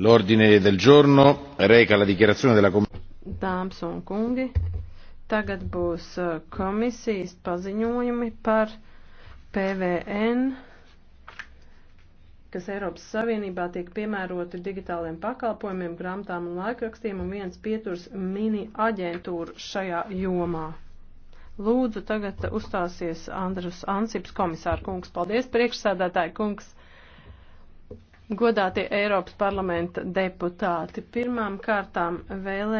l'ordine del giorno reca la dichiarazione della Commissione. Tagad būs uh, komisijas paziņojumi par PVN, kas Eiropas Savienībā tiek piemēroti digitāliem pakalpojumiem, grāmatām un laikrakstiem, un viens pieturs mini aģentūru šajā jomā. Lūdzu, tagad uzstāsies Andrus Ansips, komisāra kungs. Paldies, priekšsēdētāji kungs! Godātie Eiropas parlamenta deputāti, pirmām kārtām vēlē.